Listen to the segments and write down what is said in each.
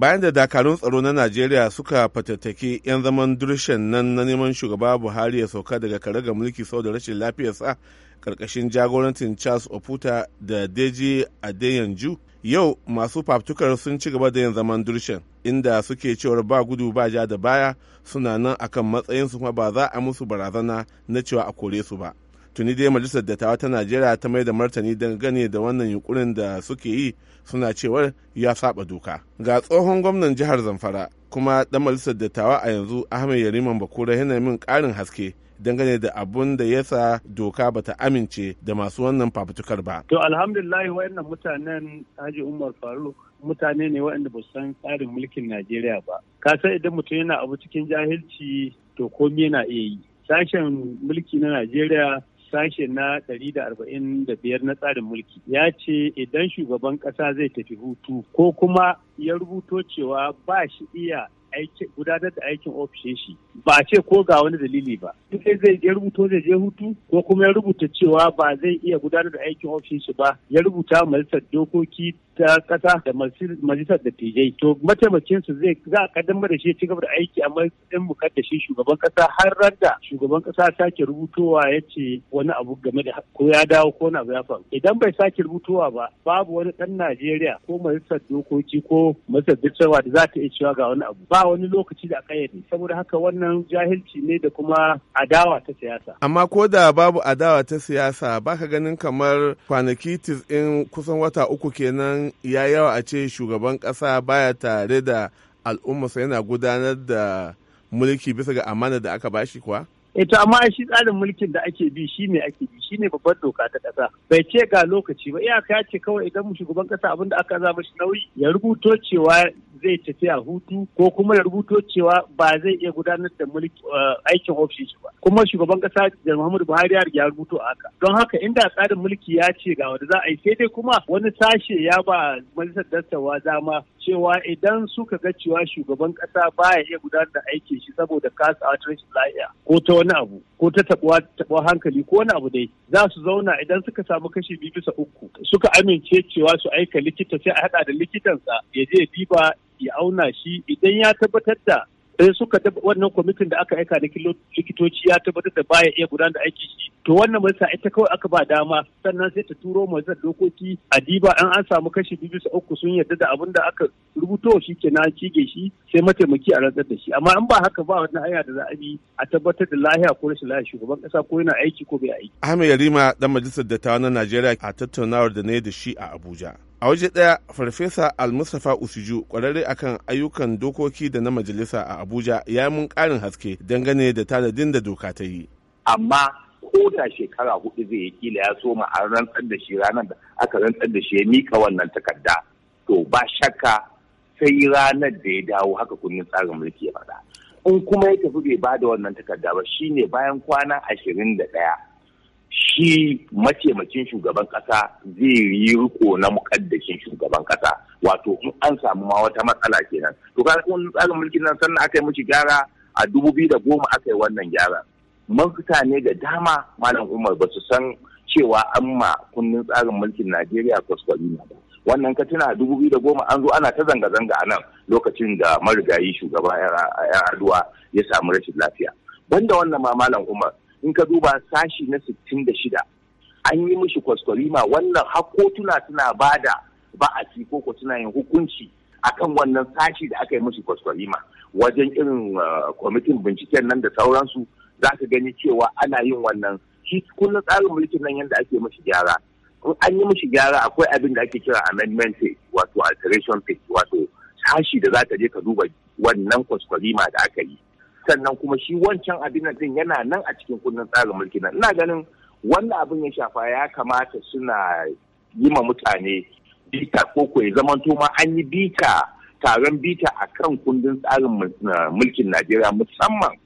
bayan da dakarun tsaro na najeriya suka fatattaki 'yan zaman dirshen nan na neman shugaba buhari ya sauka daga kare ga mulki sau da rashin lafiyarsa karkashin jagorancin charles oputa da deji adeyanju yau masu faftukar sun ci gaba da yin zaman durshen inda suke cewar ba gudu ba ja da baya suna nan akan matsayinsu kuma ba za a musu barazana na cewa a kore su ba tuni dai majalisar dattawa ta najeriya ta mai da martani dangane da wannan yunkurin da suke yi suna cewar ya saba doka ga tsohon gwamnan jihar zamfara kuma dan majalisar dattawa a yanzu ahmed yariman bakura yana min karin haske dangane da abun da ya sa doka bata amince da masu wannan fafutukar ba. To alhamdulillah wayannan mutanen Haji Umar Faruk mutane ne waɗanda ba san tsarin mulkin Najeriya ba. Ka san idan mutum yana abu cikin jahilci to komai yana iya yi. Sashen mulki na Najeriya sashe na ɗari da da arba'in biyar na tsarin mulki ya ce idan shugaban ƙasa zai tafi hutu ko kuma ya rubuto cewa ba shi iya gudanar da aikin ofishin shi ba ce ko ga wani dalili ba sai zai ya rubuto zai je hutu ko kuma ya rubuta cewa ba zai iya gudanar da aikin ofishin shi ba ya rubuta majalisar dokoki ta kasa da majalisar da to mataimakin su zai za a kaddamar da shi ci gaba da aiki a matsayin shi shugaban kasa har randa shugaban kasa sake rubutowa ya ce wani abu game da ko ya dawo ko na abu ya faru idan bai sake rubutowa ba babu wani dan Najeriya ko majalisar dokoki ko majalisar dattawa da za ta iya cewa ga wani abu ba wani lokaci da aka yi saboda haka wannan jahilci ne da kuma adawa ta siyasa amma ko da babu adawa ta siyasa baka ganin kamar kwanaki in kusan wata uku kenan ya yawa a ce shugaban kasa baya tare da sai yana gudanar da mulki bisa ga amana da aka bashi kuwa? ita eh, amma shi tsarin mulkin da ake bi shi ne ake bi shi ne babban doka ta ƙasa bai ce ga lokaci ba iyaka ya ce kawai idan shugaban kasa abin da aka zama shi nauyi ya rubuto cewa zai tafiya hutu ko kuma ya rubuto cewa ba zai iya gudanar da mulki eh, aikin ofishi ba kuma shugaban kasa da Muhammadu Buhari ya rubuto haka don haka inda tsarin mulki ya ce ga wanda za a yi sai dai kuma wani sashe ya ba majalisar dattawa dama cewa idan suka ga cewa shugaban kasa ya iya gudanar da aikin shi saboda kasa a rashin lafiya ko ta wani abu ko ta tabuwa hankali ko wani abu dai za su zauna idan suka samu kashi biyu bisa uku suka amince cewa su aika likita sai a hada da likitansa ya je diba ya auna shi idan ya tabbatar da sai suka wannan kwamitin da aka aika na likitoci ya tabbatar da baya iya gudanar da aiki shi to wannan majalisa ita kawai aka ba dama sannan sai ta turo majalisar dokoki a diba an an samu kashi biyu sa uku sun yarda da abun da aka rubuto shi ke na cige shi sai mataimaki a rantsar da shi amma an ba haka ba wannan hanya da za a bi a tabbatar da lahiya ko rashin lahiya shugaban kasa ko yana aiki ko bai aiki. Ahmed Yarima dan majalisar dattawa na Najeriya a tattaunawar da na yi da shi a Abuja. a waje ɗaya farfesa almustapha usuju kwararre akan ayyukan dokoki da na majalisa a abuja ya mun ƙarin haske dangane da tanadin da doka ta yi amma ko da shekara hudu zai yi kila ya soma a rantsar da shi ranar da aka rantsar da shi ya mika wannan takarda to ba shakka sai ranar da ya dawo haka kundin tsarin mulki ya faɗa in kuma ya tafi bai ba da wannan takarda ba shine bayan kwana ashirin da ɗaya shi mataimakin shugaban kasa zai yi riko na mukaddashin shugaban kasa wato in an samu ma wata matsala kenan to ka kun tsarin mulkin nan sannan aka yi miki gyara a dubu biyu da goma aka yi wannan gyara mafita ne da dama malam umar ba su san cewa an ma kundin tsarin mulkin najeriya kwaskwari ba wannan ka tuna dubu biyu da goma an zo ana ta zanga-zanga a nan lokacin da marigayi shugaba ya aduwa ya samu rashin lafiya banda wannan ma malam umar in ka duba sashi na 66 an yi mishi kwaskwarima wannan hakotuna suna ba da ba'asi ko ko suna yin hukunci akan wannan sashi da aka yi mishi kwaskwarima wajen irin uh, kwamitin binciken nan da sauransu za ka gani cewa ana yin wannan shi kullum tsarin mulkin nan yadda ake mishi gyara in an yi mishi gyara akwai abin da ake kira amendment page wato alteration page wato sashi da za ka je ka duba wannan kwaskwarima da aka yi sannan kuma shi wancan abin din yana nan a cikin kundin tsarin mulki na. ina ganin wanda abin ya shafa ya kamata suna yi ma mutane bita ko ko ya zamanto ma an yi bita taron bita a kan kundin tsarin mulkin najeriya musamman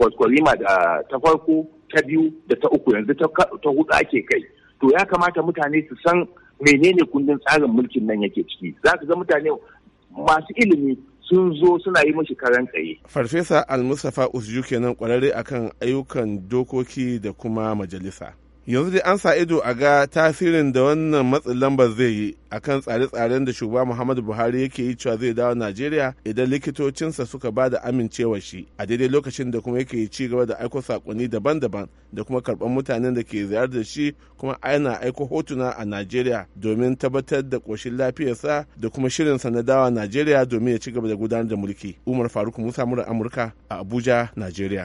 kwaskwarima da ta farko ta biyu da ta uku yanzu ta hudu ake kai to ya kamata mutane su san menene kundin tsarin mulkin nan yake ciki za ka ga mutane masu ilimi sun zo suna yi mashi karan tsaye. Farfesa Mustapha, Usju kenan kwararre akan ayyukan dokoki da kuma majalisa. yanzu dai an sa ido a ga tasirin da wannan matsin lambar zai yi akan tsare-tsaren da shugaba muhammadu buhari yake yi cewa zai dawo najeriya idan likitocinsa suka ba da amincewa shi a daidai lokacin da kuma yake ci gaba da aiko sakonni daban-daban da kuma karɓar mutanen da ke ziyar da shi kuma aina aiko hotuna a najeriya domin tabbatar da ƙoshin lafiyarsa da kuma shirinsa na dawa najeriya domin ya ci gaba da gudanar da mulki umar faruk musa Murar amurka a abuja najeriya